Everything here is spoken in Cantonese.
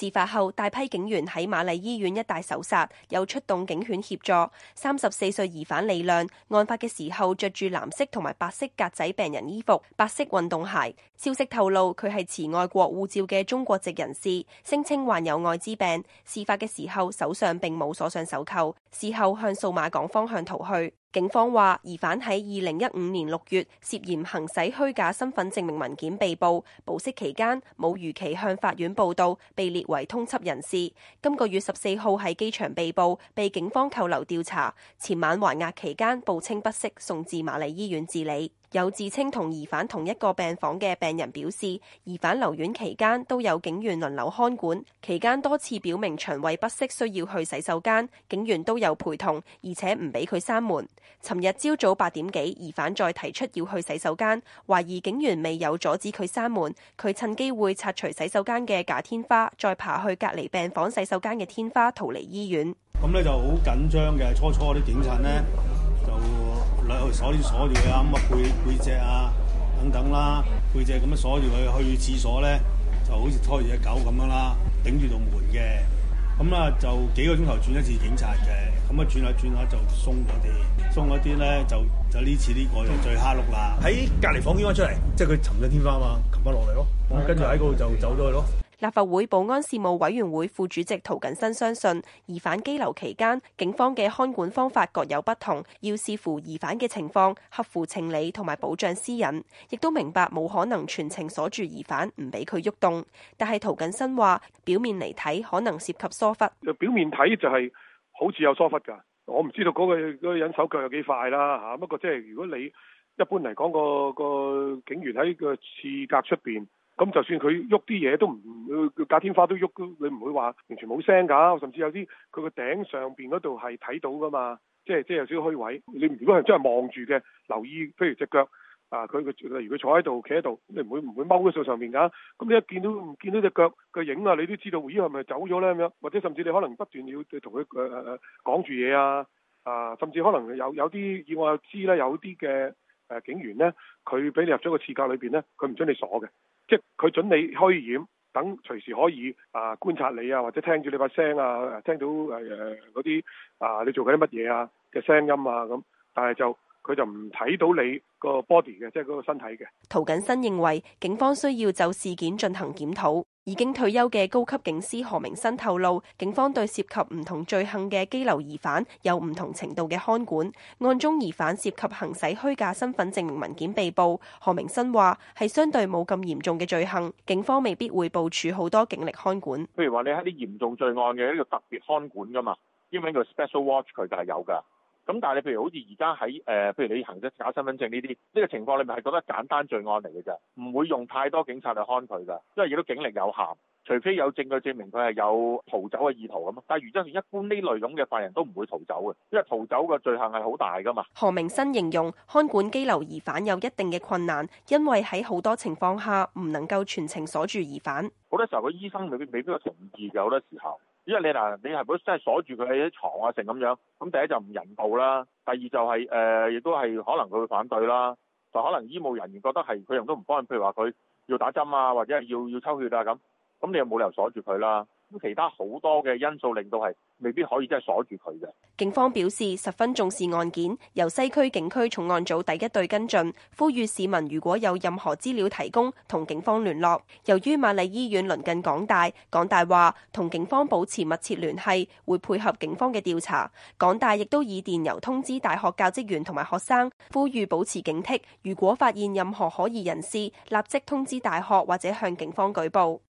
事發後，大批警員喺瑪麗醫院一帶搜索，又出動警犬協助。三十四歲疑犯李亮，案發嘅時候着住藍色同埋白色格仔病人衣服，白色運動鞋。消息透露，佢係持外國護照嘅中國籍人士，聲稱患有愛滋病。事發嘅時候手上並冇鎖上手扣，事後向數碼港方向逃去。警方話，疑犯喺二零一五年六月涉嫌行使虛假身份證明文件被捕，保釋期間冇如期向法院報到，被列為通緝人士。今個月十四號喺機場被捕，被警方扣留調查。前晚還押期間，報稱不適，送至瑪麗醫院治理。有自稱同疑犯同一個病房嘅病人表示，疑犯留院期間都有警員輪流看管，期間多次表明腸胃不適需要去洗手間，警員都有陪同，而且唔俾佢閂門。尋日朝早八點幾，疑犯再提出要去洗手間，懷疑警員未有阻止佢閂門，佢趁機會拆除洗手間嘅假天花，再爬去隔離病房洗手間嘅天花逃離醫院。咁呢就好緊張嘅，初初啲警察呢就。兩頭鎖鎖住佢啊，咁啊背背脊啊，等等啦，背脊咁樣鎖住佢去廁所咧，就好似拖住隻狗咁樣啦，頂住道門嘅，咁啊就幾個鐘頭轉一次警察嘅，咁啊轉下轉下就鬆咗啲，鬆咗啲咧就就呢次呢個就最蝦碌啦，喺隔離房揾翻出嚟，即係佢尋咗天花嘛，擒翻落嚟咯，跟住喺嗰度就走咗去咯。立法會保安事務委員會副主席涂謹申相信疑犯羈留期間，警方嘅看管方法各有不同，要視乎疑犯嘅情況，合乎情理同埋保障私隱。亦都明白冇可能全程鎖住疑犯，唔俾佢喐動。但係涂謹申話：表面嚟睇，可能涉及疏忽。表面睇就係好似有疏忽㗎，我唔知道嗰個人手腳有幾快啦吓，不過即係如果你一般嚟講，嗰個警員喺個刺格出面。咁就算佢喐啲嘢都唔，佢佢假天花都喐都，你唔會話完全冇聲㗎、啊。甚至有啲佢個頂上面嗰度係睇到㗎嘛，即係即係有少少虛位。你如果係真係望住嘅，留意譬如隻腳，啊佢佢例如佢坐喺度，企喺度，你唔會唔會踎喺佢上面㗎、啊。咁你一見到唔見到隻腳嘅影啊，你都知道咦係咪走咗咧咁樣？或者甚至你可能不斷要同佢誒誒講住嘢啊，啊甚至可能有有啲以我知咧，有啲嘅。誒警員咧，佢俾你入咗個廁格裏邊咧，佢唔准你鎖嘅，即係佢準你虛掩，等隨時可以啊觀察你啊，或者聽住你把聲啊，聽到誒誒嗰啲啊你做緊啲乜嘢啊嘅聲音啊咁，但係就佢就唔睇到你個 body 嘅，即係嗰個身體嘅。涂謹申認為警方需要就事件進行檢討。已經退休嘅高級警司何明新透露，警方對涉及唔同罪行嘅羈留疑犯有唔同程度嘅看管。案中疑犯涉及行使虛假身份證明文件被捕，何明新話係相對冇咁嚴重嘅罪行，警方未必會部署好多警力看管。譬如話你喺啲嚴重罪案嘅，呢個特別看管㗎嘛，英文叫 special watch，佢就係有㗎。咁但係你譬如好似而家喺誒，譬如你行咗假身份證呢啲呢個情況裏面係覺得簡單罪案嚟嘅啫，唔會用太多警察嚟看佢噶，因為亦都警力有限，除非有證據證明佢係有逃走嘅意圖咁咯。但係如真係一般呢類咁嘅犯人都唔會逃走嘅，因為逃走嘅罪行係好大噶嘛。何明新形容看管羈留疑犯有一定嘅困難，因為喺好多情況下唔能夠全程鎖住疑犯。好多時候個醫生未必未必會同意的，嘅，好多時候。因為你嗱，你係唔好真係鎖住佢喺啲床啊成咁樣，咁第一就唔人道啦，第二就係、是、誒，亦、呃、都係可能佢會反對啦，就可能醫務人員覺得係佢人都唔幫你，譬如話佢要打針啊，或者係要要抽血啊咁，咁你又冇理由鎖住佢啦。咁其他好多嘅因素令到係未必可以真係鎖住佢嘅。警方表示十分重視案件，由西區警區重案組第一隊跟進，呼籲市民如果有任何資料提供，同警方聯絡。由於瑪麗醫院鄰近港大，港大話同警方保持密切聯繫，會配合警方嘅調查。港大亦都以電郵通知大學教職員同埋學生，呼籲保持警惕，如果發現任何可疑人士，立即通知大學或者向警方舉報。